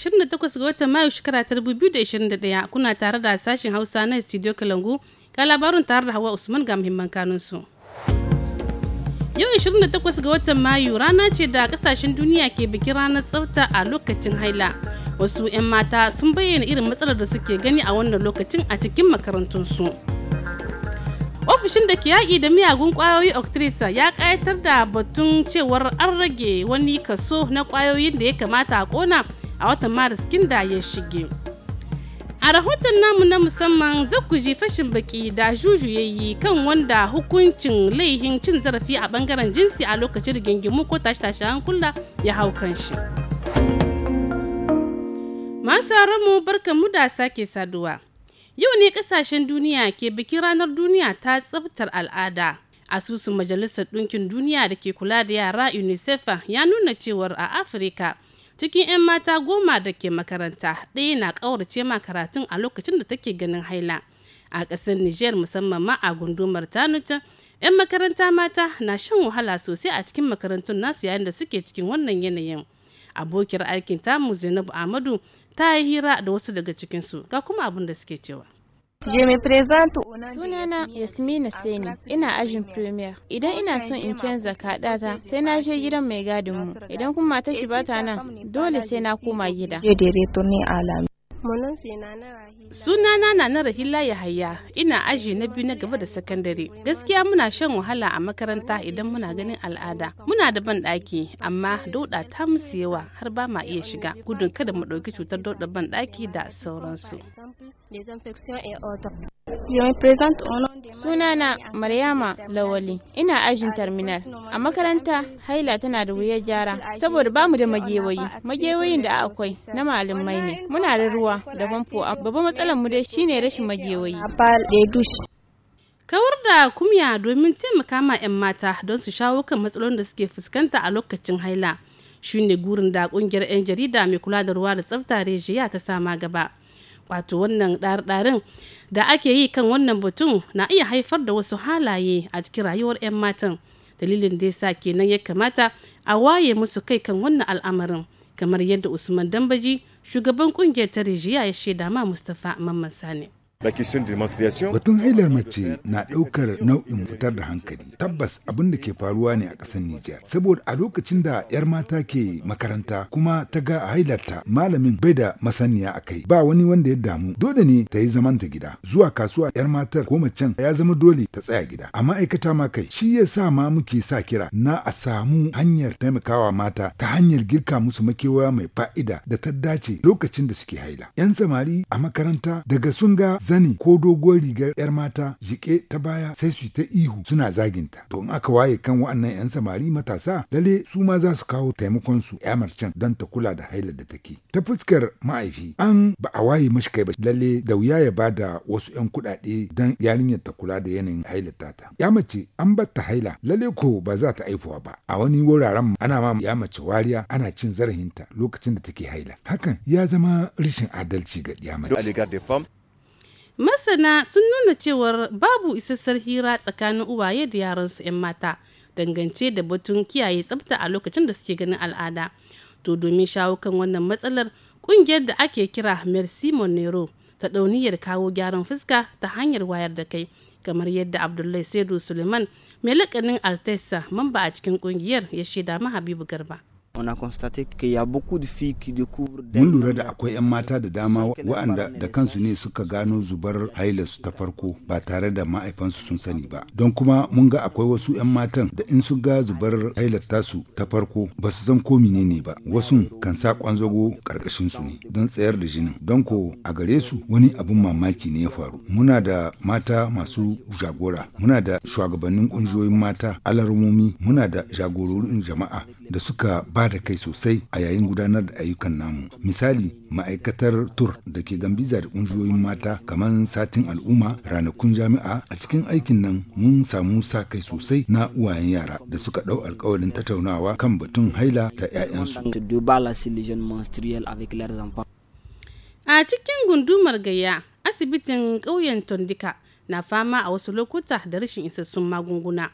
28 ga watan Mayu shekara ta 2021 kuna tare da sashen Hausa na Studio Kalangu ga labarin tare da Hawa Usman ga muhimman kanunsu. Yau 28 ga watan Mayu rana ce da kasashen duniya ke bikin ranar tsafta a lokacin haila. Wasu 'yan mata sun bayyana irin matsalar da suke gani a wannan lokacin a cikin makarantunsu. Ofishin da ke yaƙi da miyagun ƙwayoyi Octrisa ya ƙayatar da batun cewar an rage wani kaso na ƙwayoyin da ya kamata a ƙona a watan maris kin ya shige a rahoton namu na musamman zakuji fashin baki da juju ya yi kan wanda hukuncin laihin cin zarafi a bangaren jinsi a lokacin rigingimu ko tashi-tashi hankula ya hau kan shi masu mu barkan mu da sake saduwa yau ne kasashen duniya ke bikin ranar duniya ta tsabtar al'ada asusun majalisar ɗinkin duniya da ke kula da yara unicef ya nuna cewar a afirka cikin 'yan mata goma da ke makaranta ɗaya na ƙaurace ma karatun a lokacin da take ganin haila a ƙasar niger musamman ma a gundumar tanuta 'yan makaranta mata na shan wahala sosai a cikin makarantun nasu yayin da suke cikin wannan yanayin abokiyar aikin tamu zainabu amadu ta yi hira da wasu daga cikinsu ga kuma abin da suke cewa Je me présente Sunana Yasmina Seni, ina ajin premier. Idan ina son in canza kaɗata sai na je gidan mai gadin mu. Idan kuma ta shi bata nan, dole sai na koma gida. Sunana na na Rahila Yahaya, ina aji na biyu na gaba da sakandare. Gaskiya muna shan wahala a makaranta idan muna ganin al'ada. Muna da ban ɗaki, amma dauɗa ta musu yawa har ba ma iya shiga. Gudun kada mu ɗauki cutar dauɗa ban ɗaki da sauransu. Sunana Maryama Lawali, ina ajin terminal. A makaranta haila tana da wuyar gyara saboda bamu da magewayi. Magewayin da akwai na malamai ne. Muna da ruwa da famfo. Babban matsalar mu dai shine rashin magewayi. Kawar da kumya domin taimaka ma 'yan mata don su shawo kan matsalolin da suke fuskanta a lokacin haila. Shine gurin da kungiyar 'yan jarida mai kula da ruwa da tsafta rejiya ta sama gaba. wato wannan ɗarɗarin da ake yi kan wannan batun na iya haifar da wasu halaye a cikin rayuwar 'yan matan dalilin da yasa kenan ya kamata a waye musu kai kan wannan al'amarin kamar yadda usman dambaji shugaban kungiyar ta rijiya ya shaida ma mustapha mamman sani Batun hailar mace na ɗaukar nau'in fitar da hankali. Tabbas abin da ke faruwa ne a ƙasar Nijar. Saboda a lokacin da 'yar mata ke makaranta kuma ta ga a hailarta malamin bai da masaniya a kai. Ba wani wanda ya damu. Dole ne ta yi zamanta gida. Zuwa kasuwa 'yar matar ko macen ya zama dole ta tsaya gida. A ma'aikata ma kai shi ya sa ma muke sa kira na a samu hanyar taimakawa mata ta hanyar girka musu makewa mai fa'ida da ta dace lokacin da suke haila. 'Yan samari a makaranta daga sun ga zani ko doguwar rigar 'yar mata jike ta baya sai su ta ihu suna zaginta. To in aka waye kan wa'annan 'yan samari matasa lalle su ma za su kawo taimakon su 'ya marcen don ta kula da haila da take. Ta fuskar ma'aifi an ba a waye mashi kai ba lalle da wuya ya bada wasu 'yan kuɗaɗe dan yarinyar ta kula da yanayin hailar ta. Ya mace an bar ta haila lalle ko ba za ta aifuwa ba. A wani wuraren ana ma ya mace wariya ana cin zarafinta lokacin da take haila. Hakan ya zama rashin adalci ga ya mace. masana sun nuna cewar babu isassar hira tsakanin uwaye da su 'yan mata dangance da batun kiyaye tsabta a lokacin da suke ganin al'ada to domin shawo kan wannan matsalar kungiyar da ake kira merci monero ta dauniyar kawo gyaran fuska ta hanyar wayar da kai kamar yadda abdullahi saidu suleiman mai lakanin altesa mamba a cikin kungiyar ya shaida ma habibu garba Mun lura da akwai 'yan mata da dama waɗanda da kansu ne suka gano zubar hailarsu ta farko ba tare da ma'aifansu sun sani ba. Don kuma mun ga akwai wasu 'yan matan da in sun ga zubar hailar tasu ta farko ba su san komine ne ba. Wasu kan sa kwanzago karkashin su ne don tsayar da jinin. Don ko a gare su wani abin mamaki ne ya faru. Muna da mata masu jagora, muna da shugabannin ƙungiyoyin mata, alarmomi, muna da jagororin jama'a, da suka ba da kai sosai a yayin gudanar da ayyukan namu. Misali, ma'aikatar tur da ke Gambiza da ƙungiyoyin mata kamar satin al'umma ranakun jami'a a cikin aikin nan mun samu sa kai sosai na uwayen yara da suka ɗau alkawarin tattaunawa kan batun haila ta 'ya'yansu. A cikin gundumar gaya, asibitin ƙauyen Tondika na fama a wasu lokuta da rashin isassun magunguna.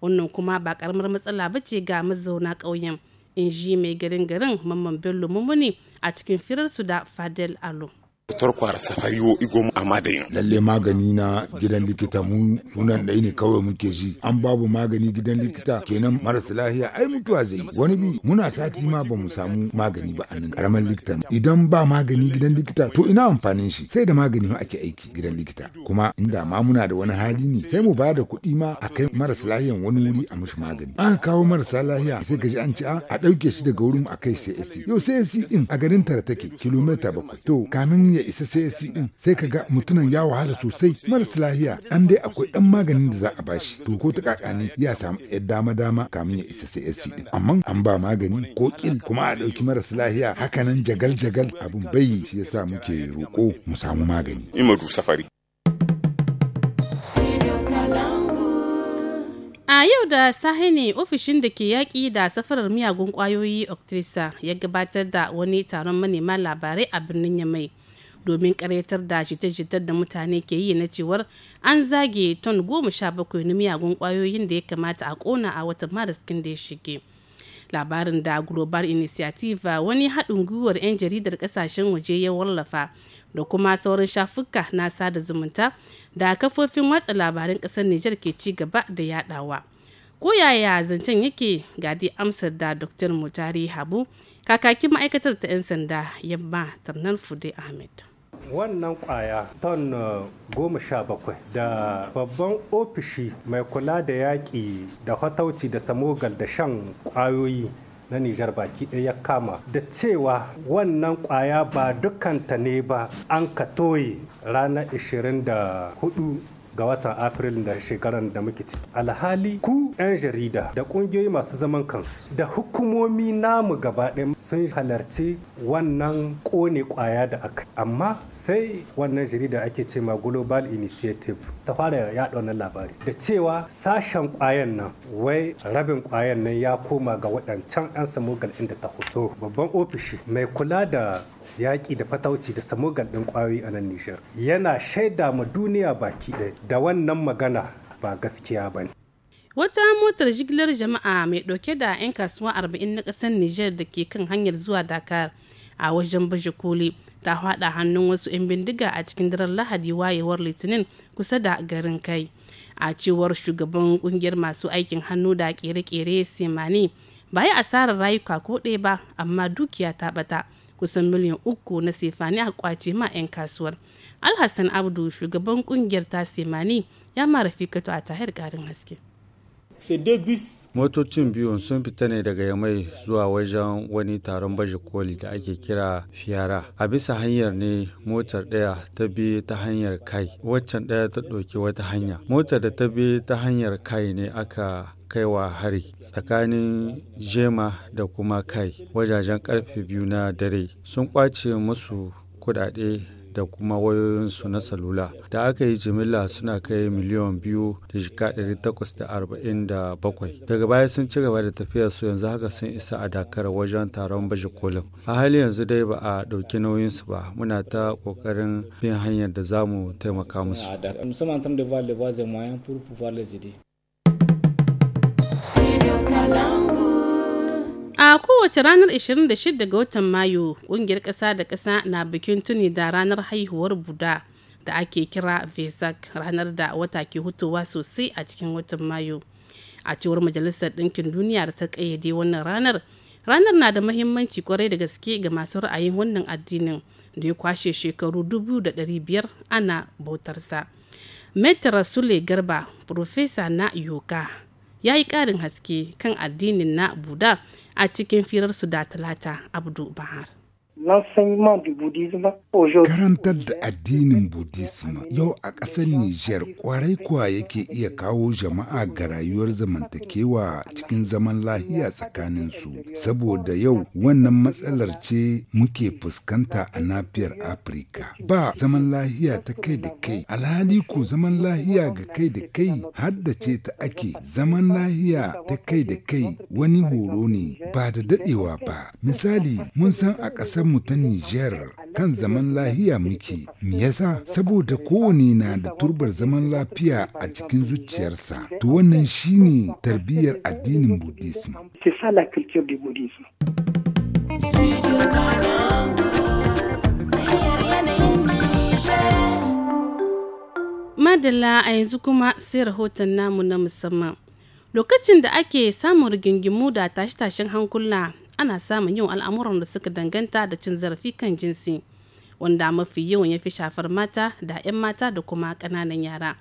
wannan kuma ba karamar matsala ba ce ga mazauna ƙauyen in ji mai garin garin mamman bello mummuni a cikin firarsu da fadel alo tarkwar safariyo igom a madayin. lalle magani na gidan likita mu sunan da ne kawai muke ji an babu magani gidan likita kenan marasa lahiya ai mutuwa zai wani bi muna sati ma ba mu samu magani ba a nan karamar likita idan ba magani gidan likita to ina amfanin shi sai da magani ake aiki gidan likita kuma inda ma muna da wani hali ne sai mu bada kuɗi ma a kai marasa lahiyan wani wuri a mishi magani an kawo marasa lahiya sai ka ji an ci a a ɗauke shi daga wurin a kai CSC yau CSC ɗin a garin tara take kilomita bakwai to kamin ya isa ya din sai ka ga mutumin ya wahala sosai maras lahiya an dai akwai dan maganin da za a bashi to ko ta kakani ya samu yar dama dama kamin ya isa ya din amma an ba magani ko kil kuma a ɗauki maras lahiya hakanan jagal jagal abin bai shi yasa muke roko mu samu magani imadu safari A yau da sahi ne ofishin da ke yaƙi da safarar miyagun kwayoyi Octrisa ya gabatar da wani taron manema labarai a birnin Yamai. domin karyatar da jita-jitar da mutane ke yi na cewar an zage ton goma sha bakwai na miyagun kwayoyin da ya kamata a kona a watan maris da ya shige labarin da global initiative wani haɗin gwiwar 'yan jaridar ƙasashen waje ya wallafa da kuma sauran shafuka na sada zumunta da kafofin watsa labaran ƙasar Nijar ke ci gaba da yadawa ko yaya zancen yake gadi dai amsar da dr mutari habu kakakin ma'aikatar ta 'yan sanda yamma tarnan fude ahmed wannan kwaya ton uh, goma sha bakwai da babban ofishi mai kula da yaƙi da fatauci da samogal da shan kwayoyi na Nijar baki ɗaya ya kama da cewa wannan kwaya ba dukanta ne ba an ka toye ranar 24 ga watan april da shekaran da muke ciki alhali ku 'yan jarida da kungiyoyi masu zaman kansu da hukumomi namu gaba ɗaya sun halarci wannan kone kwaya da aka amma sai wannan jarida ake ce ma global initiative ta fara yaɗa wannan labari da cewa sashen kwayan nan wai rabin kwayan nan ya koma ga waɗancan 'yan samogal inda ta hoto babban ofishi mai kula da yaƙi da fatauci da samugal ɗin ƙwayoyi a nan Nijar. Yana shaida ma duniya baki ɗaya da wannan magana ba gaskiya ba ne. Wata motar jigilar jama'a mai ɗauke da 'yan kasuwa arba'in na ƙasar Nijar da ke kan hanyar zuwa Dakar a wajen baje koli ta haɗa hannun wasu 'yan bindiga a cikin daren Lahadi wayewar Litinin kusa da garin kai. A cewar shugaban ƙungiyar masu aikin hannu da ƙere-ƙere Semani, ba yi asarar rayuka ko ɗaya ba amma dukiya ta ɓata. kusan miliyan uku na sefani a kwace ma 'yan kasuwar alhassan abdu shugaban kungiyar tasemani, ya mara fikato a tahir ƙarin haske Motocin biyu sun fita ne daga Yamai zuwa wajen wani taron baje koli da ake kira Fiyara. A bisa hanyar ne motar ɗaya ta bi ta hanyar kai, waccan ɗaya ta ɗauki wata hanya. Motar da ta bi ta hanyar kai ne aka kaiwa hari tsakanin jema da kuma kai wajajen karfe biyu na dare sun kwace musu kudade da kuma wayoyinsu na salula da aka yi jimilla suna kai miliyan biyu da jika ɗari takwas da arba'in da bakwai daga baya sun ci gaba da tafiyar su yanzu haka sun isa a dakar wajen taron baje kolin a hali yanzu dai ba a ɗauki nauyinsu ba muna ta ƙoƙarin bin hanyar da za mu taimaka musu A kowace ranar 26 ga watan Mayu, ƙungiyar ƙasa da ƙasa na bikin tuni da ranar haihuwar Buda da ake kira Vesak ranar da wata ke hutowa sosai a cikin watan Mayu. A cewar Majalisar Ɗinkin Duniya da ta ƙayyade wannan ranar, ranar na da mahimmanci kwarai da gaske ga masu ra'ayin wannan addinin da ya kwashe shekaru 2,500 ana bautarsa. Metra Sule Garba, Profesa na Yoka. ya yi ƙarin haske kan addinin na buda a cikin su da talata abdu bahar l'enseignement du bouddhisme aujourd'hui. Karantar da addinin buddhism yau a ƙasar Nijar kwarai kuwa yake iya kawo jama'a ga rayuwar zamantakewa cikin zaman lahiya tsakanin su saboda yau wannan matsalar ce muke fuskanta a nafiyar Afirka. Ba zaman lahiya ta kai da kai alhali ko zaman lahiya ga kai da kai haddace ta ake zaman lahiya ta kai da kai wani horo ne ba da dadewa ba misali mun san a ƙasarmu mu ta Nijar kan zaman lahiya muke. Me yasa? Saboda kowane na da turbar zaman lafiya a cikin zuciyarsa. To wannan shine tarbiyyar addinin Buddhism. C'est a yanzu kuma sai rahoton namu na musamman. Lokacin da ake samun rigingimu da tashe-tashen hankula ana samun yawan al'amuran da suka danganta da cin zarafi kan jinsi wanda mafi yawan ya fi shafar mata da 'yan mata da kuma ƙananan yara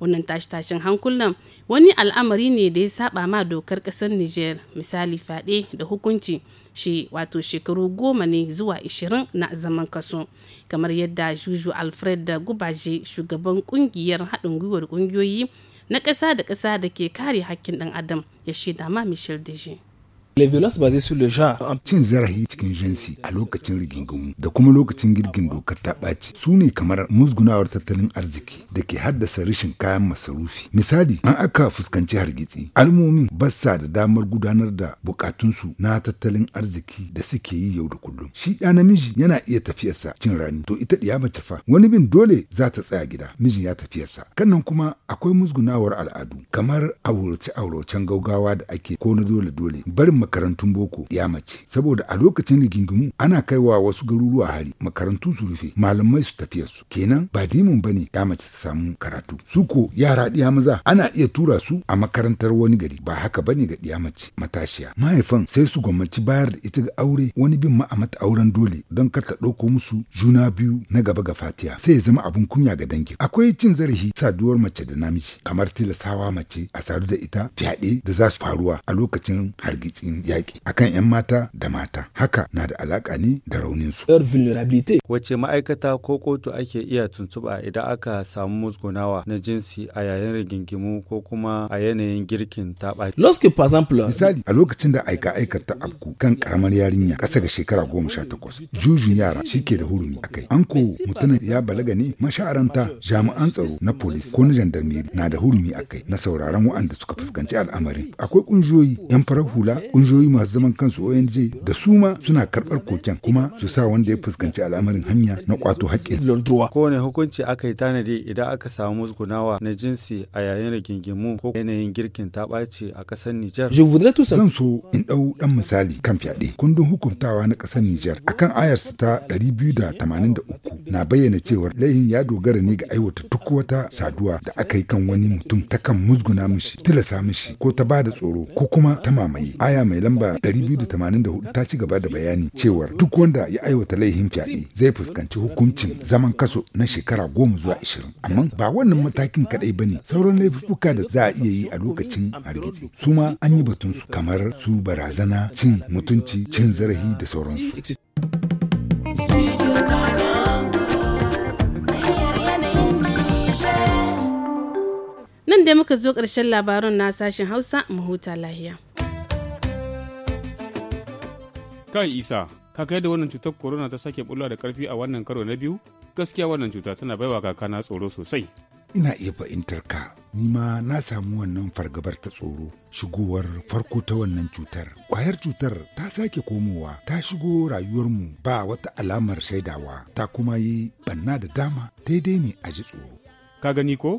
wannan tashi-tashin hankulan wani al'amari ne da ya saba ma dokar ƙasar niger misali fade da hukunci shi wato shekaru goma ne zuwa 20 na zaman kaso kamar yadda juju alfred da gubaje shugaban kungiyar haɗin gwiwar ƙungiyoyi na ƙasa da ƙasa da ke kare hakkin ɗan adam ya shaida ma michel dejean les violences basées sur le genre cin zarafi cikin jinsi a lokacin rigingimu da kuma lokacin girgin dokar ta ɓaci su ne kamar musgunawar tattalin arziki da ke haddasa rashin kayan masarufi misali an aka fuskanci hargitsi almomin basa da damar gudanar da bukatunsu na tattalin arziki da suke yi yau da kullum shi ya namiji yana iya tafiyarsa cin rani to ita ɗiya mace fa wani bin dole za ta tsaya gida mijin ya tafiyarsa kannan kuma akwai musgunawar al'adu kamar aurace-auracen gaugawa da ake ko na dole-dole barin makarantun boko ya mace saboda a lokacin rigingimu ana kaiwa wasu garuruwa hari makarantu su rufe malamai su tafiya su kenan ba dimin bane ya mace ta samu karatu su ko yara ɗiya maza ana iya tura su a makarantar wani gari ba haka bane ga ɗiya mace matashiya mahaifan sai su gwammaci bayar da ita ga aure wani bin ma a mata auren dole don kar ta ɗauko musu juna biyu na gaba ga fatiya sai ya zama abun kunya ga dangi akwai cin zarafi saduwar mace da namiji kamar tilasawa mace a sadu da ita fyaɗe da za su faruwa a lokacin hargitsi yin yaƙi akan 'yan mata da mata haka na da alaƙa ne da raunin su. Wace ma'aikata ko kotu ake iya tuntuɓa idan aka samu musgunawa na jinsi a yayin rigingimu ko kuma a yanayin girkin taɓa. Misali a lokacin da aika aikar ta abku kan karamar yarinya ƙasa ga shekara goma sha takwas jujun yara shike da hurumi a kai. An ko mutumin ya balaga ne masha'aranta jami'an tsaro na polis ko na jandarmeri na da hurumi a kai na sauraron waɗanda suka fuskanci al'amarin. Akwai ƙungiyoyi 'yan farar hula kungiyoyi masu zaman kansu ONG da su ma suna karɓar koken kuma su sa wanda ya fuskanci al'amarin hanya na kwato haƙƙin. Kowane hukunci aka yi tanadi idan aka samu musgunawa na jinsi a yayin rigingimu ko yanayin girkin ta ɓaci a ƙasar Nijar. Zan so in ɗau ɗan misali kan fyaɗe. Kundin hukuntawa na ƙasar Nijar akan ayarsa ta 283 na bayyana cewa laihin ya dogara ne ga aiwata duk wata saduwa da aka yi kan wani mutum ta kan musguna mishi tilasa mishi ko ta ba da tsoro ko kuma ta mamaye aya mai lamba 284 ta ci gaba da bayani cewar duk wanda ya aiwata laifin fyaɗe zai fuskanci hukuncin zaman kaso na shekara goma zuwa ashirin amma ba wannan matakin kaɗai ba ne sauran laifuka da za a iya yi a lokacin hargitsi su ma an yi batun su kamar su barazana cin mutunci cin zarafi da sauransu dai muka zo ƙarshen labarun na sashen Hausa mu huta lahiya. Kai Isa, ka kai da wannan cutar corona ta sake bulwa da karfi a wannan karo na biyu? Gaskiya wannan cuta tana baiwa kaka na tsoro sosai. Ina iya fahimtar ka, ni ma na samu wannan fargabar ta tsoro shigowar farko ta wannan cutar. Kwayar cutar ta sake komowa, ta shigo rayuwarmu ba wata alamar shaidawa, ta kuma yi banna da dama daidai ne a ji tsoro. Ka gani ko?